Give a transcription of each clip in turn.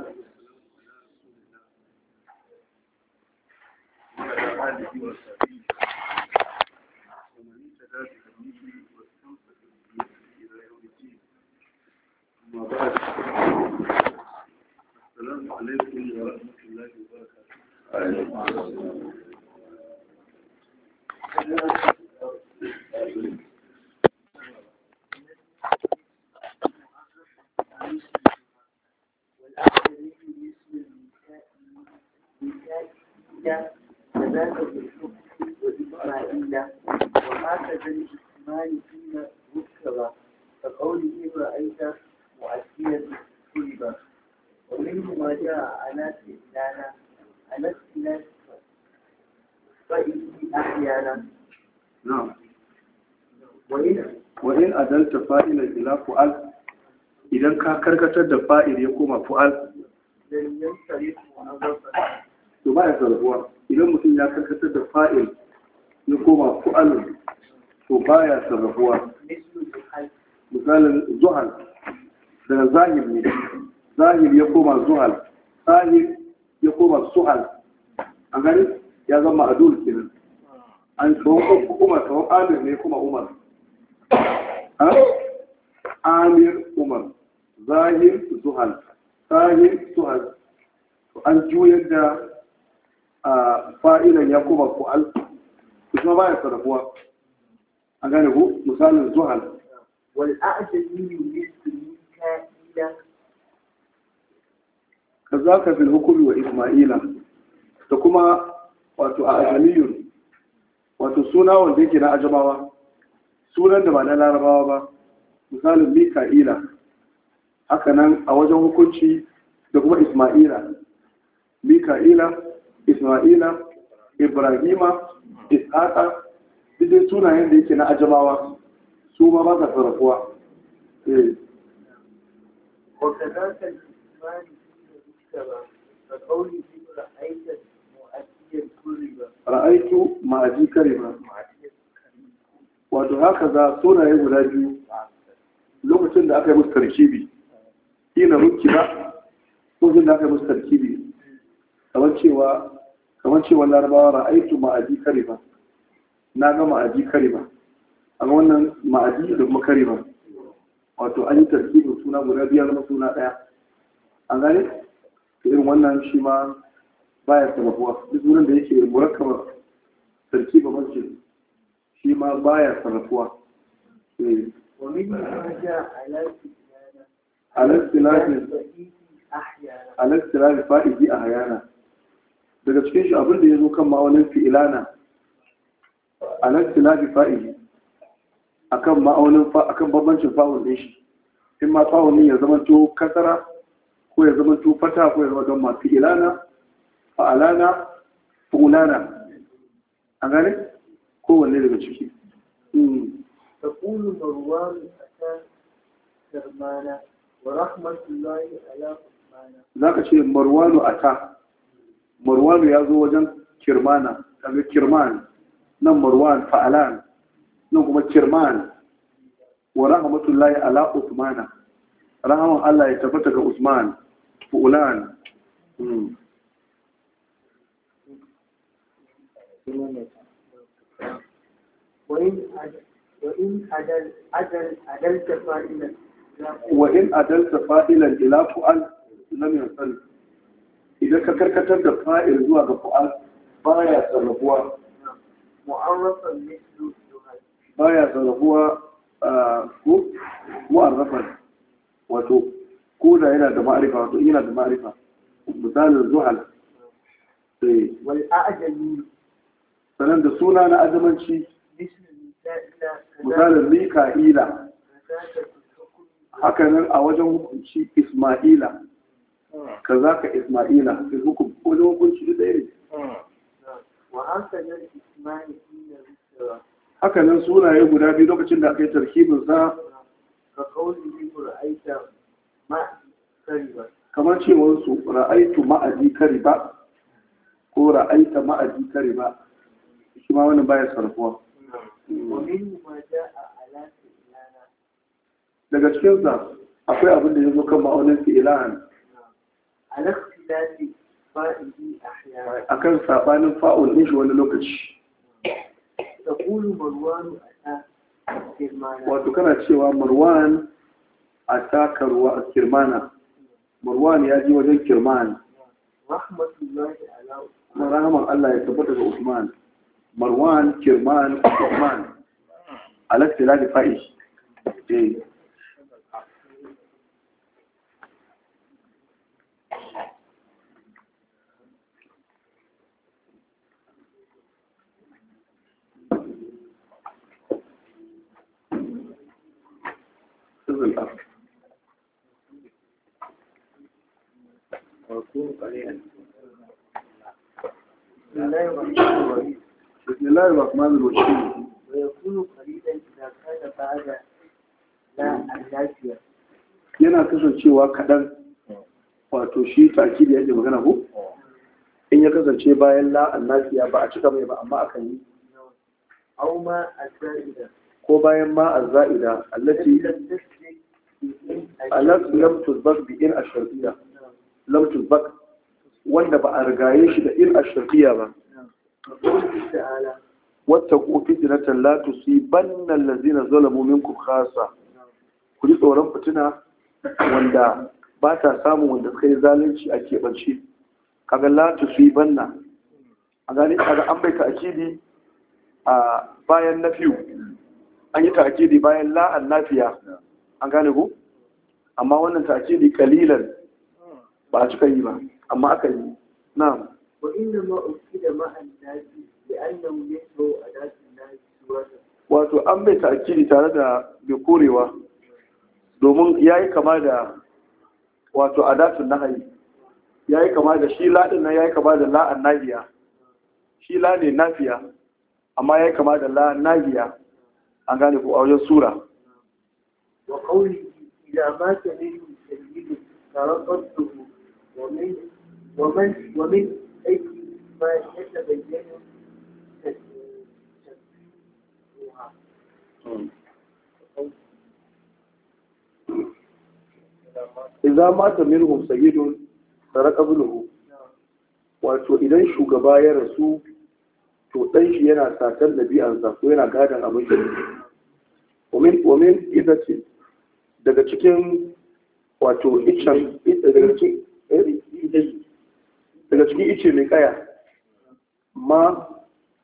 والسلام على رسول الله وعلى آله وصحبه karkatar da fa'il ya koma fu'al to ba ya sarrafuwa idan mutum ya karkatar da fa'il ya koma fu'al to ba ya sarrafuwa misalin zuhal daga zahir ne zahir ya koma zuhal zahir ya koma suhal a gani ya zama a adul kenan an tsohon umar tsohon amir ne kuma umar amir umar zahir zuhal zahir zuhal to an juyar da fa'ilan ya kuma ku'al kuma baya sarrafuwa an gane ku misalin zuhal wal a'jami yusri za ka bin hukmi wa isma'ila da kuma wato ajami wato suna wanda yake na ajabawa sunan da ba na larabawa ba misalin mika'ila haka nan a wajen hukunci da kuma isma'ila mika'ila isma'ila ibrahima ishaqa duk sunayen da yake na ajabawa, su ma ba sa sarrafuwa eh ra'aitu ma'aji karima wato haka za sunaye guda biyu lokacin da aka yi musu tarkibi ina ruki ba ko jin da aka musu tarkibi kamar cewa kamar cewa larabawa ra'aitu ma'adi kare ba na ga ma'adi kare ba a wannan ma'adi da kuma kare ba wato an yi suna guda biyar na suna ɗaya an gane ta irin wannan shi ma baya sarrafuwa duk wurin da yake murakkabar tarkibin mace shi ma baya sarrafuwa. Eh. Wani ba ya ala alastilafi fa'idi a hayana daga cikin shi abinda ya zo kan ma'aunin fi'ilana alastilafi fa'idi a kan ma'aunin a kan bambancin fa'un ɗin shi in ma fa'un ya zama to kasara ko ya zama to fata ko ya zama don ma fi'ilana fa'alana fulana a gane kowanne daga ciki Da تقول مروان أتى كرمانا za ka ce marwanu a ta marwanu ya zo wajen kirmana kaga kirman nan marwan fa'alan nan kuma kirman wa rahmatullahi ala usmana rahaman Allah ya tabbata ga usman fulan وإن أدل أدل أدلت فائلا wa in adalta fa'ilan ila fu'al lam yansal idan ka karkatar da fa'il zuwa ga fu'al baya sarrafuwa mu'arrafan mislu baya wato ko da yana da ma'arifa wato yana da ma'arifa misalin zuhal wal da suna na azamanci misalin hakanan a wajen hukunci ismaila ka za ka ismaila fi hukum wajen hukunci da ɗaya ne hakanan sunaye guda biyu lokacin da aka yi tarkibin sa kamar cewar su ra'aitu ma'aji ba? ko ra'aita ma'aji ba, shi ma wani baya sarfuwa daga cikinsa akwai abin da ya zo kan ma'aunin fi'ilan a kan saɓanin fa'ul ɗin shi wani lokaci wato kana cewa marwan a takarwa a kirmana marwan ya ji wajen kirmana rahaman Allah ya tabbata ga Usman marwan kirman Usman alaƙa da fa'i سر الأمر yana kasancewa kaɗan wato shi taki da yake magana ko in ya kasance bayan la annafiya ba a cika mai ba amma akan yi au ma azza'ida ko bayan ma azza'ida allati alas lam tuzbak bi in ashrafiya lam tuzbak wanda ba a rigaye shi da in ashrafiya ba Wata wattaqu fitnatan la tusibanna allazina zalamu minkum khassa ku ji tsoron fitina wanda ba ta samun wanda suka yi zalunci a keɓance kaga la tusibanna a gani kaga an bai ta'kidi a bayan nafiyu an yi ta'kidi bayan la an nafiya an gane ku amma wannan takidi kalilan ba a cika yi ba amma aka yi na'am wa inda ma ukida ma annabi ne annahu a adatu na surata wato an bai takidi tare da bai korewa domin ya yi kama da wato na nahayi ya yi kama da shi la'in nan ya yi kama da la'an nagiya, shi la ne nafiya amma ya yi kama da la nagiya an gane ko a wajen sura wa kauli إذا مات منه سيد ترقته ومن ومن ومن أي ما يتبين تسبيحها. Iza mata minhum sayyidun sarakabuhu wato idan shugaba ya rasu to dan shi yana satar da ko yana gadon abin shi. Wamin idace daga cikin wato icen daga cikin eh, ice mai kaya ma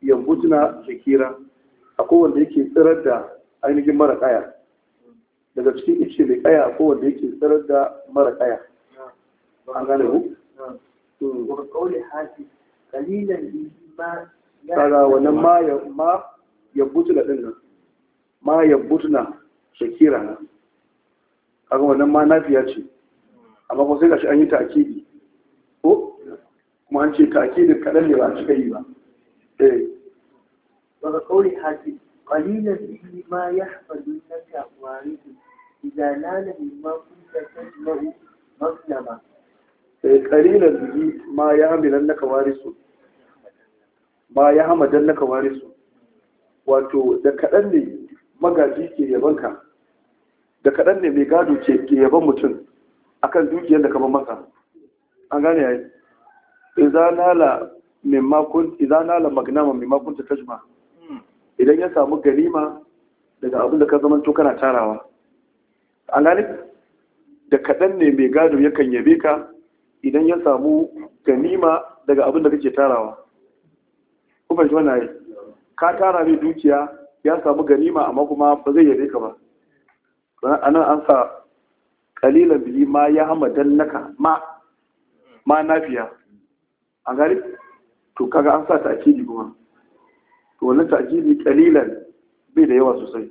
yambutuna shakira a kowanda yake tsirar da ainihin mara kaya daga cikin ice mai kaya a kowanda yake tsirar da mara kaya an gane ku? tsara wannan ma yambutuna ɗin nan ma yambutuna shakira na kaga wannan ma nafiya ce amma ko sai gashi an yi ta'kidi ko kuma an ce ta'kidi kadan ne ba a cika yi ba eh daga kauli hakim qalilan bihi ma yahfadu laka warid idza nala ma kunta tajma'u maslama eh qalilan bihi ma yahmilan laka warisu ma yahmadan naka warisu wato da kadan ne magaji ke yabanka da kaɗan ne mai gado ke yaban mutum a kan dukiyar da kama masa an gane ya yi nala magnama mai makunta tajma idan ya samu ganima daga abin da ka zama to kana tarawa an gane da kaɗan ne mai gado yakan yabe ka idan ya samu ganima daga abin da kake tarawa kuma shi wani ka tara mai dukiya ya samu ganima amma kuma ba zai yabe ka ba anan an sa kalilan biyi ma ya hamadan naka ma ma nafiya a gari to kaga an sa ta akidi kuma to wani ta akidi kalilan bai da yawa sosai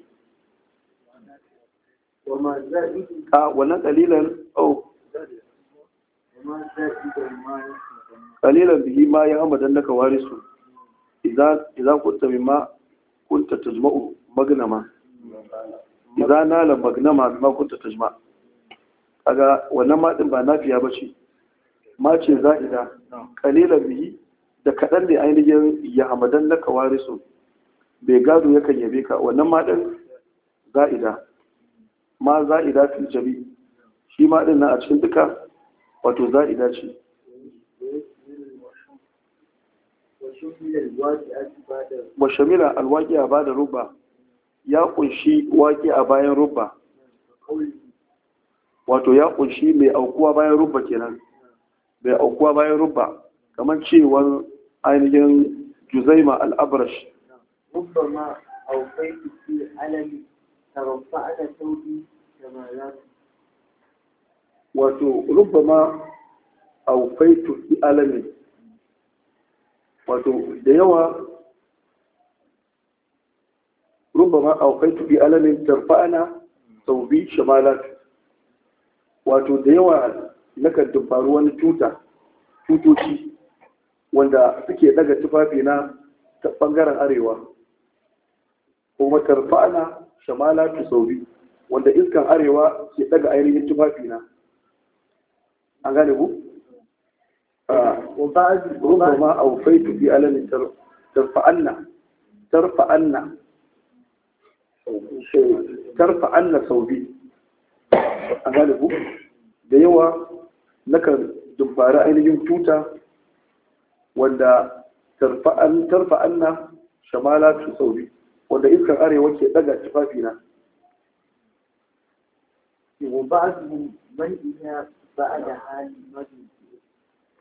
a wannan kalilan au kalilan biyi ma ya hamadan naka su idan ma mimma kunta magana ma. idza nala magnama ma kunta tajma kaga wannan ma din ba nafiya ba ce. ma ce za'ida qalilan biyi da kadan ne ainihin ya hamadan laka warisu bai gado ya yabe ka wannan ma din za'ida ma za'ida fil jabi shi ma din na a cikin duka wato za'ida ce wa shamila a ba da ruba ya kunshi waƙi a bayan rubba wato ya kunshi mai aukuwa bayan rubba kenan mai aukuwa bayan rubba kamar cewar ainihin juzaima al'abrash wato rubba ma علمي ترفعت wato aufaitu fi alami wato da yawa rubama aukaitu bi alamin tarfa'ana sau bi shamalat wato da yawa na kan dubbaru wani tuta tutoci wanda suke daga tufafi na ta bangaren arewa kuma tarfa'ana shamalatu sau bi wanda iskan arewa ke daga ainihin tufafi na an gane ku? Ah, rubama aukaitu bi alamin tarfa'ana tarfa'ana tarfa anna saubi a galibu da yawa nakan dubbari ainihin tuta wanda tarfa an anna shamala tu saubi wanda iskar arewa ke daga tufafina وبعضهم بيئها بعد حال المدن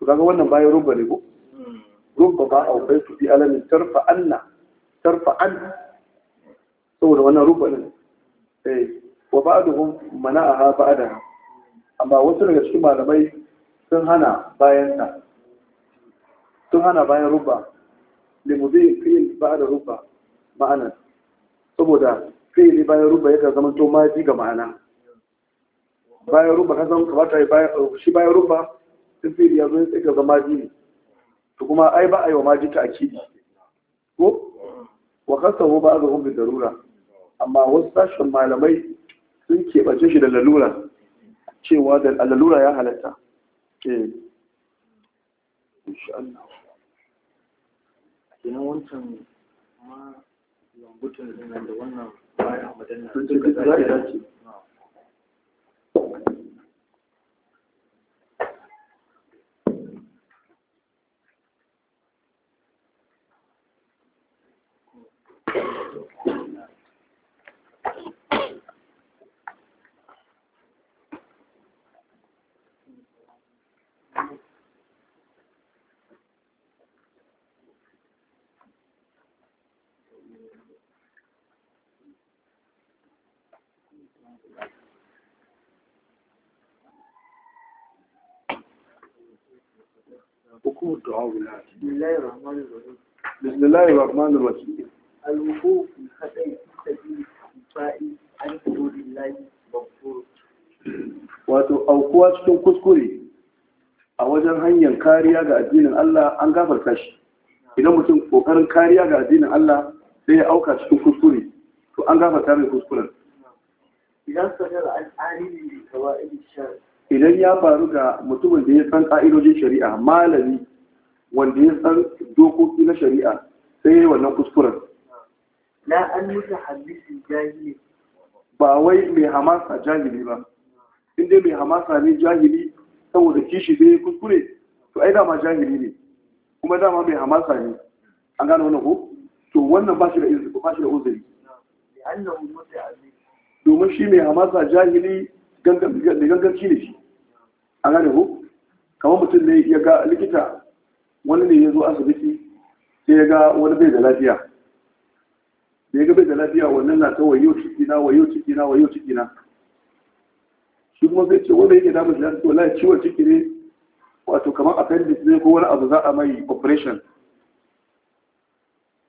فكذا وانا باي ربا لبو ربا باع أو بيت في ألم ترفع tarfa an na. saboda wannan rufa din eh wa a mana'aha ba'daha amma wasu daga cikin malamai sun hana bayan ta sun hana bayan rufa limudi ba da rufa ma'ana saboda ne bayan rufa yakan zama to maji ga ma'ana bayan rufa kasan kamata shi bayan rufa sun fi'ili ya zo ya tsaka zama maji ne to kuma ai ba a yi wa maji ta akidi ko wa zo hun bi darura amma wasu sashen malamai sun keɓance shi da lalura cewa da lalura ya halatta eh. kenan wancan بسم الله الرحمن الرحيم الوقوف في خطأ سبيل عن حدود الله مغفور wato aukuwa cikin kuskure a wajen hanyar kariya ga addinin Allah an gafarta shi idan mutum kokarin kariya ga addinin Allah sai ya auka cikin kuskure to an gafarta mai kuskuren idan idan ya faru ga mutumin da ya san ka'idojin shari'a malami wanda ya san dokoki na shari'a sai yi wannan kuskuren la an mutahaddisi jahili ba wai mai hamasa jahili ba in dai mai hamasa ne jahili saboda kishi zai kuskure to ai dama jahili ne kuma dama mai hamasa ne an gane wannan ko to wannan ba shi da izini ba shi da uzuri domin shi mai hamasa jahili gangan gangan ne shi an gane ko kamar mutum ne ya ga likita wani ne ya zo asibiti sai ya ga wani bai da lafiya da ya ga bai da lafiya wannan na ta wayo ciki na wayo ciki na wayo ciki na shi kuma zai ce wanda yake damun lafiya to lai ciwon ciki ne wato kamar appendix ne ko wani abu za a mai operation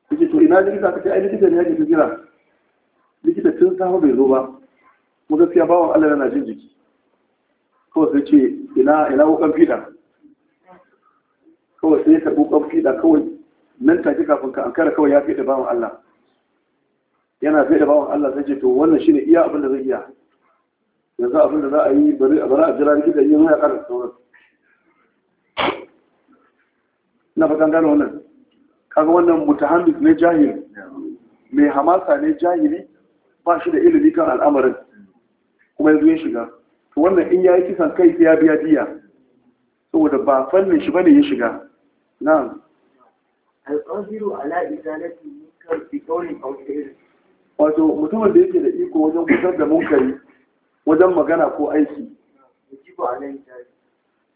kace to ina likita kace ai likita ne yake jira likita tun safa bai zo ba mu gaskiya bawan Allah yana jin jiki kawai sai ce ina ina wukan fida kawai sai ya karɓi ƙwafi kawai nan take kafin ka ankara kawai ya fiye da bawan Allah yana fiye da bawan Allah sai ce to wannan shine iya abin da zai iya yanzu abin da za a yi bari a bara a jira gida yin haya ƙara sauran na fatan gano wannan kaga wannan mutahammis ne jahil mai hamasa ne jahili ba shi da ilimi kan al'amarin kuma yanzu ya shiga to wannan in ya yi kisan kai ya biya diya saboda ba fannin shi bane ya shiga na'am alƙadiru ala izalati munkar bi qawlin aw fi'lin wato mutumin da yake da iko wajen kusan da munkari wajen magana ko aiki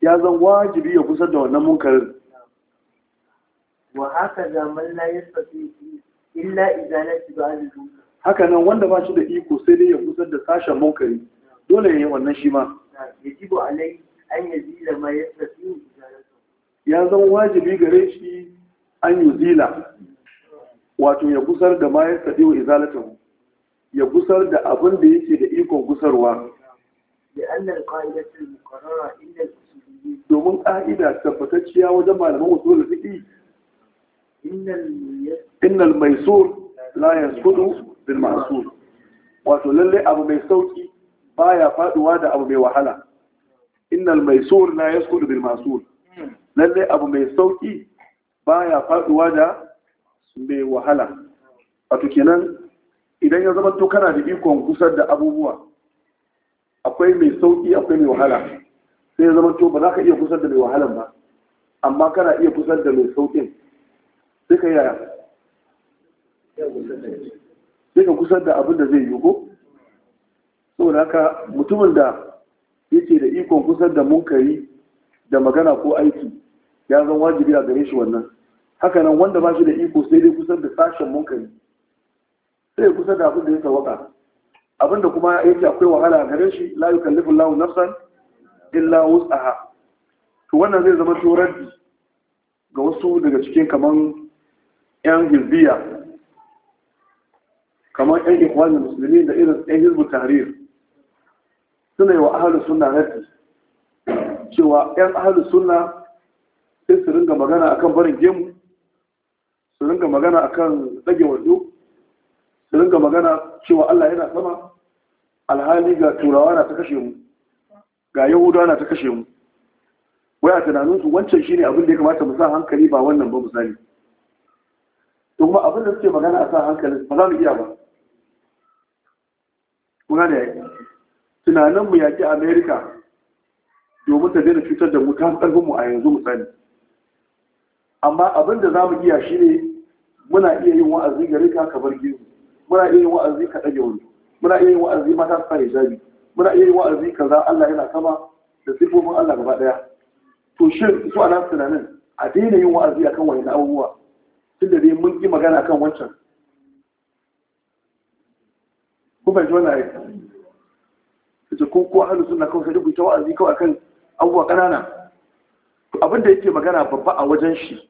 ya zan wajibi ya kusa da wannan munkarin wa haka zaman la yastati illa izalati ba'd al haka nan wanda ba shi da iko sai dai ya kusa da sashen munkari dole ya yi wannan shi ma yajibu alai an yazila ma yastati ya zama wajibi gare shi an yi zila wato ya gusar da ma ya saɗi wa izalatan ya gusar da abin da yake da ikon gusarwa domin ƙa'ida tabbatacciya wajen malaman wasu usul fiqi innal maisur la yasqutu bil ma'sur wato lallai abu mai sauki ba ya faɗuwa da abu mai wahala innal maisur la yasqutu bil ma'sur lallai abu mai sauki baya faduwa da mai wahala wato nan, idan ya zama tukana kana da ikon gusar da abubuwa akwai mai sauki akwai mai wahala sai ya zama to ba za ka iya gusar da mai wahalan ba amma kana iya gusar da mai saukin sai ka yaya sai ka gusar da abin da zai yi ko da haka mutumin da yake da ikon gusar da munkari da magana ko aiki ya zan wajibi a gare shi wannan haka nan wanda ba shi da iko sai dai kusan da sashen munkari sai ya kusa da abin da ya sawaka abin da kuma yake akwai wahala a gare shi la kallifin Allahu nafsan illa wutsaha. to wannan zai zama turaddi ga wasu daga cikin kamar yan hizbiya kamar yan ikhwanul musulmi da irin yan hizbut tahrir suna yi wa ahlus sunna raddi cewa yan ahlus sunna sai su ringa magana akan barin gemu su ringa magana akan tsage wando su ringa magana cewa Allah yana sama alhali ga turawa na ta kashe mu ga yahudawa na ta kashe mu wai a tunaninsu wancan shine abin da ya kamata mu sa hankali ba wannan ba misali to kuma abin da suke magana a sa hankali ba za mu iya ba kuna da yaki tunanin mu yaki america domin ta daina cutar da mu ta karfin mu a yanzu misali amma abin da za mu iya shi ne muna iya yin wa'azi gare ka kamar gizo muna iya yin wa'azi ka ɗage wani muna iya yin wa'azi mata su fara hijabi muna iya yin wa'azi kaza Allah yana kama da sifofin Allah gaba ɗaya to shin su ana tunanin a daina yin wa'azi akan wani abubuwa tun da dai mun yi magana kan wancan ku bai wani ya kace ko ko ahlus sunna kawai sai ku ta wa'azi kawai akan abubuwa ƙanana abin da yake magana babba a wajen shi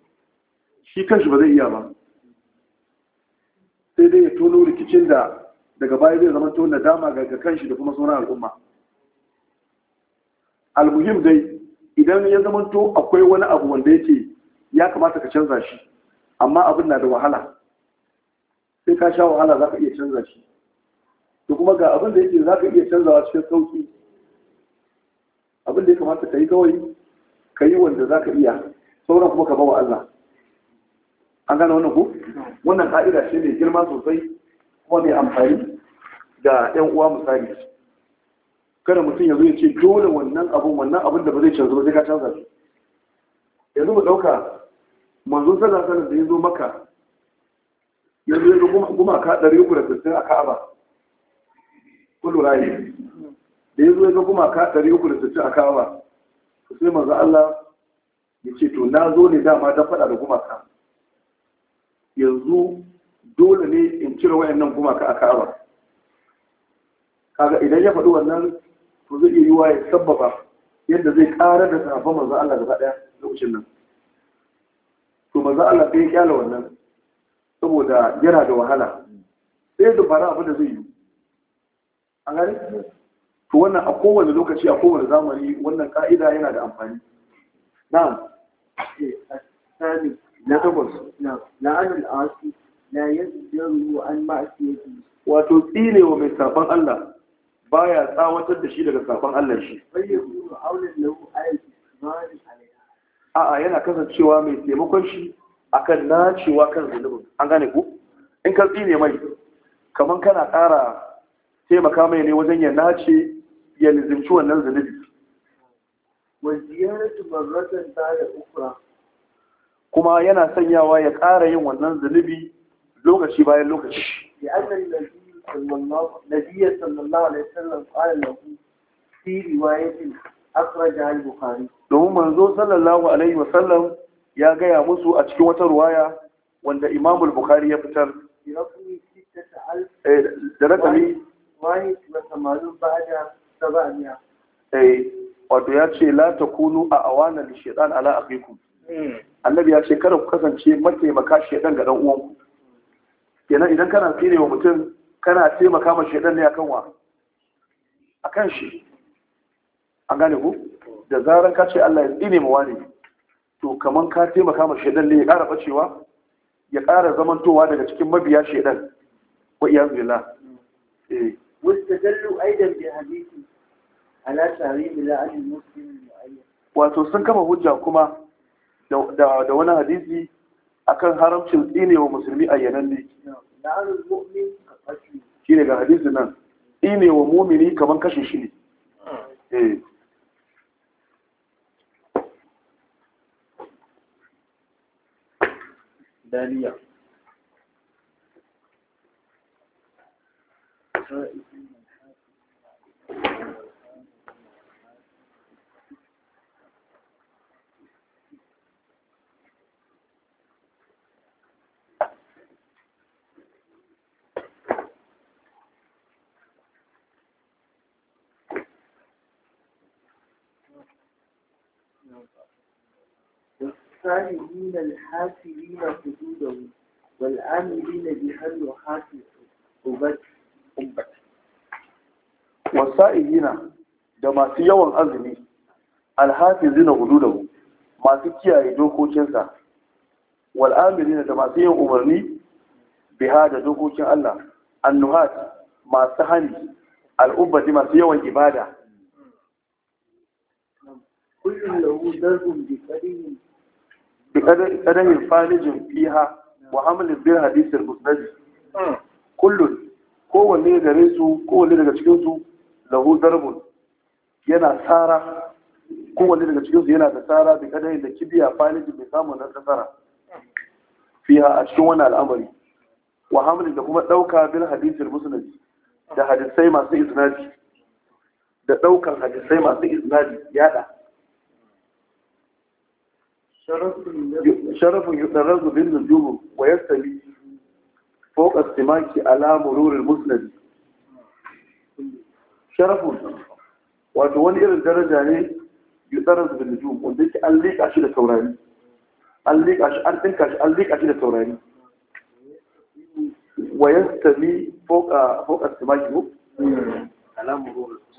shi kanshi ba zai iya ba sai dai ya tono rikicin da daga baya zai zama tono nadama ga kanshi da kuma sauran al'umma almuhim dai idan ya zama to akwai wani abu wanda yake ya kamata ka canza shi amma abin na da wahala sai ka sha wahala za ka iya canza shi to kuma ga abin da yake za ka iya canzawa cikin sauki abin da ya kamata ka yi kawai ka yi wanda za ka iya sauran kuma ka ba wa Allah an gane wannan ku wannan ka'ida ce mai girma sosai kuma mai amfani da yan uwa misali kada mutum ya zo ya ce dole wannan abun wannan abun da ba zai canza ba zai ka canza shi yanzu mu dauka manzon sallallahu alaihi wasallam da ya zo maka yanzu ya zo gumaka ɗari uku da sittin a ka'aba kullu rayi da ya zo ya zo gumaka ɗari uku da sittin a ka'aba sai manzo Allah ya ce to na zo ne dama don faɗa da gumaka yanzu dole ne in cire wayannan gumaka a kawa. kaga idan ya faɗi wannan to zai iya yiwa ya sabbaba yadda zai ƙara da safa manzo Allah gaba ɗaya lokacin nan to manzo Allah sai ya wannan saboda yana da wahala sai ya dubara abu da zai yi an gani to wannan a kowane lokaci a kowane zamani wannan ka'ida yana da amfani na'am eh, na takwas la'an al'asi la yazdaru an ma'asiyati wato tsile wa mai safan Allah baya tsawatar da shi daga safan Allah shi a a'a yana kasancewa mai taimakon shi akan nacewa kan zunubin an gane ku in ka tsine mai kamar kana ƙara taimaka mai ne wajen ya nace ya lizimci wannan zunubi wa ziyaratu ta ba'da ukhra kuma yana sanyawa ya ƙara yin wannan zunubi lokaci bayan lokaci ya annan nabiyyi sallallahu alaihi wasallam qala lahu fi riwayatin akhraja al-bukhari domin manzo sallallahu alaihi Sallam ya gaya musu a cikin wata ruwaya wanda imamu al-bukhari ya fitar eh, da rakami wani ba da. eh wato ya ce la takunu a awana da shaidan ala akhikum hmm. annabi ya ce kada ku kasance mataimaka shaidan ga dan uwanku kenan idan kana tsire wa mutum kana taimaka ma shaidan ne akan wa akan shi an gane ku da zaran ka ce Allah ya tsine mu wani to kaman ka taimaka ma shaidan ne ya ƙara bacewa ya ƙara zamantowa daga cikin mabiya shaidan. wa iyaz hmm. eh wastajallu aidan bi ala tarihi la an muslim mu'ayyan wato sun kafa hujja kuma da wani hadisi akan haramcin tsine wa musulmi ayyanan ne na'arul mu'min ka shi daga nan tsine wa mu'mini kaman kashe shi ne ah. eh. والصالحين الحافظين حدودهم والآمرين بها يحافظ أبت أبت والصائمين da masu yawan azumi alhafizi na hududahu masu kiyaye dokokinsa wal'amiri da masu yin umarni biha da dokokin Allah annuhat masu hani al'ubbati masu yawan ibada kullum lahu darbun bi qadami bi fiha wa hamlin bil hadith al musnad hmm. kullun kowanne gare su daga cikin su lahu darbun yana tsara kowanne daga cikin su yana da tsara bi da bai samu na fiha a cikin wannan al'amari wa da kuma dauka bil hadith al musnad da hadisai masu isnadi da daukan hadisai masu isnadi yada sharafin yudarrazu bin nujumu wa yastabi فوق السماك على مرور المسند sharafin wato wani irin daraja ne yudarar da nujum wanda yake an liƙa shi da taurari an liƙa sami fokas timaki ko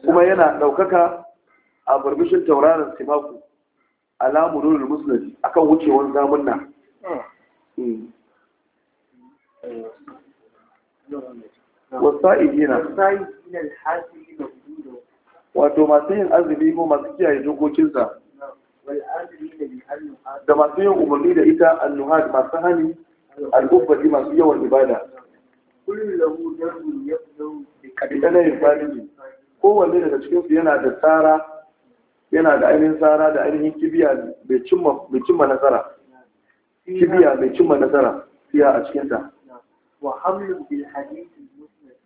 kuma yana ɗaukaka a barbishin tauraron simaku alamu nurul musnad akan wucewar zamun nan hmm. wasa'idina wato masu yin azumi ko masu kiyaye dokokinsa da masu yin umarni da ita annuhad masu hani al'ubbati masu yawan ibada kullum lahu kowanne daga cikinsu yana da tsara yana da ainihin tsara da ainihin kibiya bai cimma nasara kibiya bai cimma nasara fiya a cikinta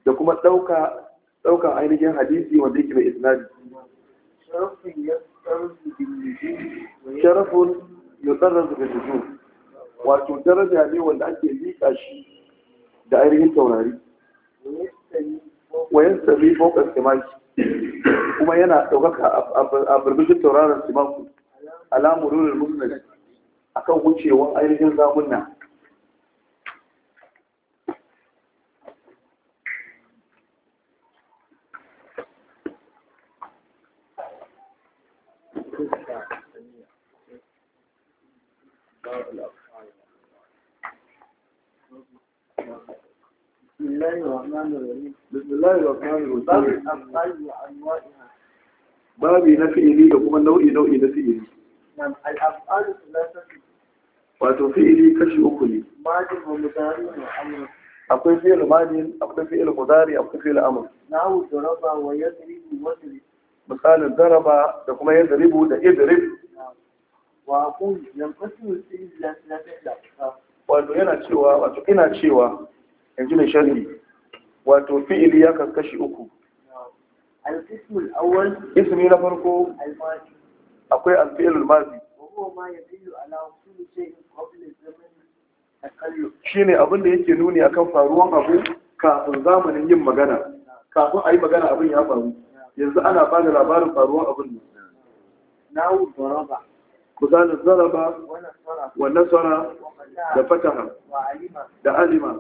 da kuma ɗauka ainihin hadisi wanda yake mai isnadi sharafun yutsarrazu da nujum wato daraja ne wanda ake liƙa shi da ainihin taurari wayan sami fokar kemaki kuma yana ɗaukaka a birbishin tauraron simanku alamururin a kan wucewan ainihin zamunna بسم الله الرحمن الرحيم babi na fi'ili da kuma nau'i nau'i na fi'ili wato fi'ili kashi uku ne akwai fi'il madin akwai fi'il mudari akwai fi'il amr nahu daraba wa yadribu wa misalin daraba da kuma yadribu da idrib wa aqul yanqasu fi'il la wato yana cewa wato ina cewa yanzu mai sharhi wato fi'ili ya kaskashi uku ismi na farko akwai alfi'ilul mazi shi ne abin da yake nuni akan faruwan abu kafin zamanin yin magana kafin a yi magana abin ya faru yanzu ana ba da labarin faruwan abin ne nawu zaraba zaraba wa nasara da fataha da alima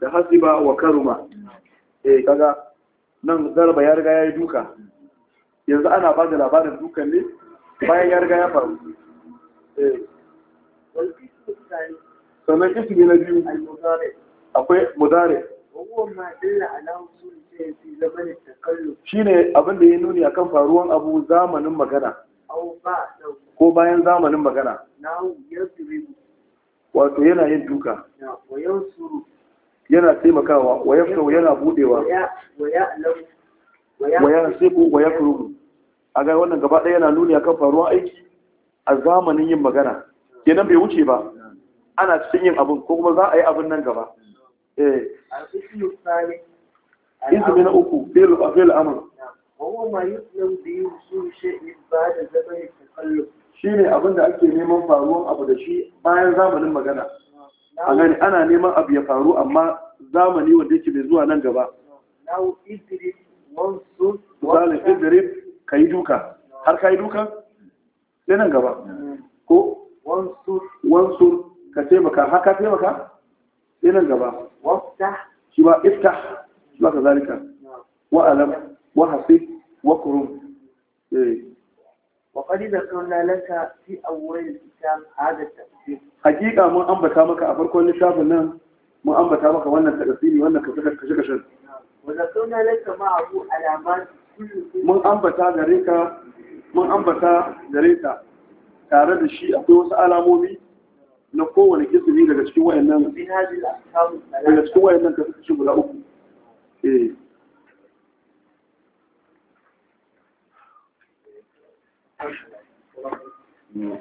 da hasiba wa karuma eh kaga nan zarba ya riga ya yi duka yanzu ana ba da labarin dukan ne bayan ya riga ya faru eh. sannan ne na biyu akwai mudare shi ne abin da ya nuni a kan faruwan abu zamanin magana ko bayan zamanin magana wato yana yin duka yana taimakawa wa yaftahu yana budewa wa yasibu wa yakrubu a ga wannan gaba ɗaya yana nuni akan faruwar aiki a zamanin yin magana kenan bai wuce ba ana cikin yin abun ko kuma za a yi abin nan gaba eh izumi na uku fi'l fi'l amr wa ma yuslam bi usul shay'in da zaman takalluf shine abin da ake neman faruwar abu da shi bayan zamanin magana a gani ana neman abu ya faru amma zamani wanda yake bai zuwa nan gaba misalin idrib ka yi duka har ka yi duka sai nan gaba ko wansur ka taimaka har ka taimaka sai nan gaba shi ba ifta shi ba ka zalika wa'alam wa hasib wa kurum eh. وقد ذكرنا لك في أول الكتاب هذا التفسير حقيقة ما أنبتا مكا أفركو للشاب النام ما أنبتا مكا وانا التقسيري وانا كشكش كشكش وذكرنا لك معه علامات mun ambata gare ka mun ambata gare ta tare da shi akwai wasu alamomi na kowane kisimi daga cikin wayannan daga cikin wayannan kasashe guda uku Thank you.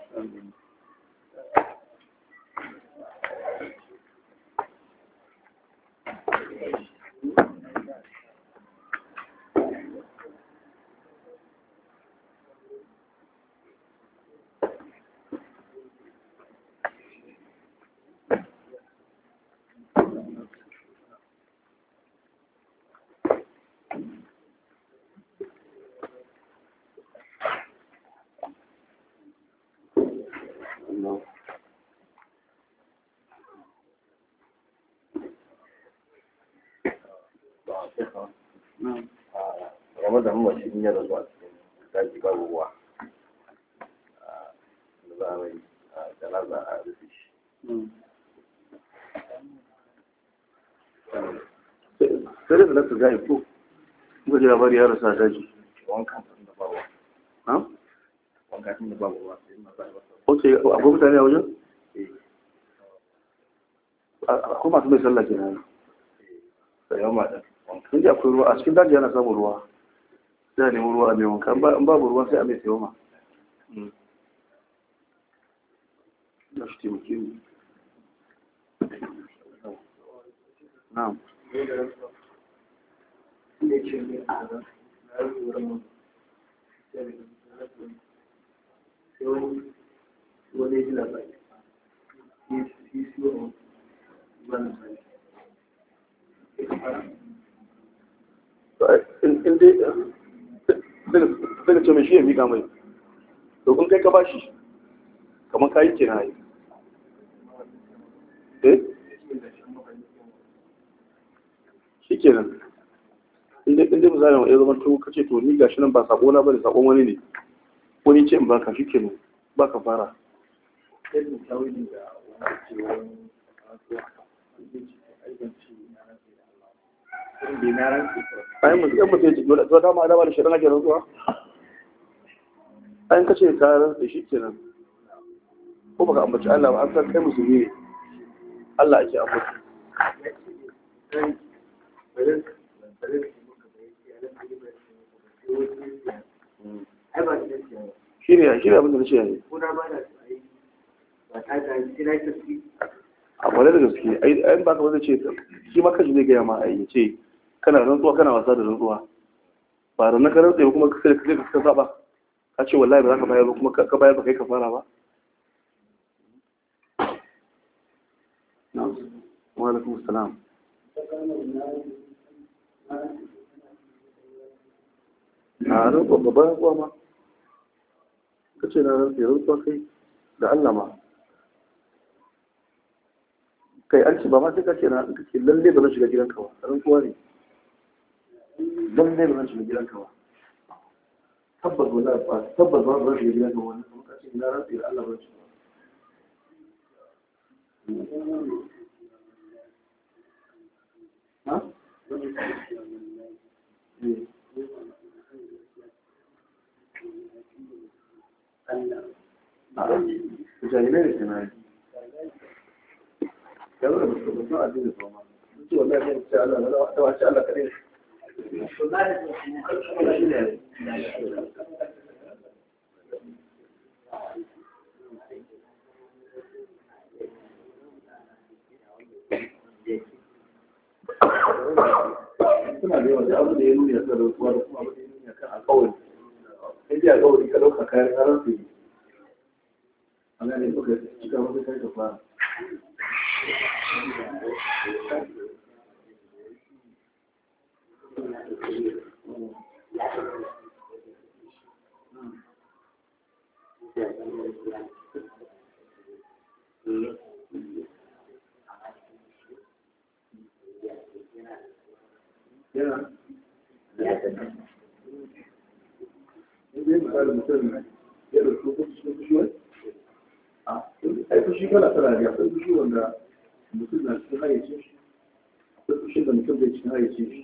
nan game da mace in ya rasu cikin daji babu ruwa ah, a yi ah, a rufe shi sai da lasa gaya ko kuka ji labari ya rasu daji wankan sun da babu wankan sun da babu ruwa sai akwai mutane a wajen? akwai masu mai sallah kenan da yawa da kun ji akwai ruwa a cikin daji yana samun ruwa sai a nemi ruwa a mai wanka in babu ruwan sai a mai sayoma na hmm. shi taimake mu na'am Thank you. wani ji labari yi siyo ban in dai daga ce mai shi ya miƙa mai domin kai ka ba shi kamar kayi ke na yi eh shi ke nan inda misali ya zama to kace to ni gashi nan ba sako na bane sakon wani ne wani ce in baka shi ke nan ka fara ayin mutu yan mutu ya jiki wadda dama adama da shirin ake rantsuwa ayin kace ka rantsa shi kenan ko baka ambaci Allah ba an san kai musulmi ne Allah ake ambaci shi ne abin da na ce yanzu a kwanar da gaske ayin ba ka wanda ce shi ma kashi zai gaya ma a yi ce kana rantsuwa kana wasa da rantsuwa ba da na ka rantsuwa kuma ka sai ka ka saba ka ce wallahi ba za ka bayar ba kuma ka bayar ba kai ka fara ba wa alaikum salam a rantsuwa ma ka ce na rantsuwa kai da Allah ma kai an ce ba ma sai ka ce na ka ce lalle ba zan shiga gidan ka ba ran kowa ne lalle ba zan shiga gidan ka ba tabbas ba za ba tabbas ba zan shiga gidan ka ba wannan ka ce na rantsi da Allah ba shi ha Allah. Ah, jahilai da tunani. da wuri mutum ya ce na kayan karan su ne a shi kana tana da yasan shi wanda mutum na cikin hayyacin shi akwai fushin da mutum bai cikin hayyacin shi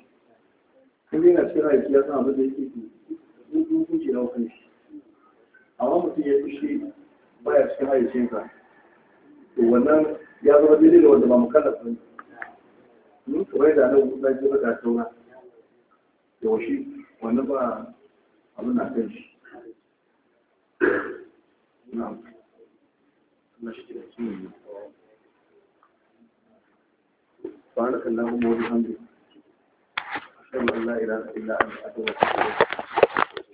in dai cikin hayyaci ya san abin da yake hukunci na hukun shi amma mutum ya fushi baya cikin hayyacin sa to wannan ya zama daidai da wanda ba mu kalla sun mun kamar da nan wuta ji maka tauna yaushe wannan ba abin na kan shi na'am Allah shi ke da cikin سبحانك اللهم وبحمدك اشهد ان لا إله إلا أنت أتوب إليك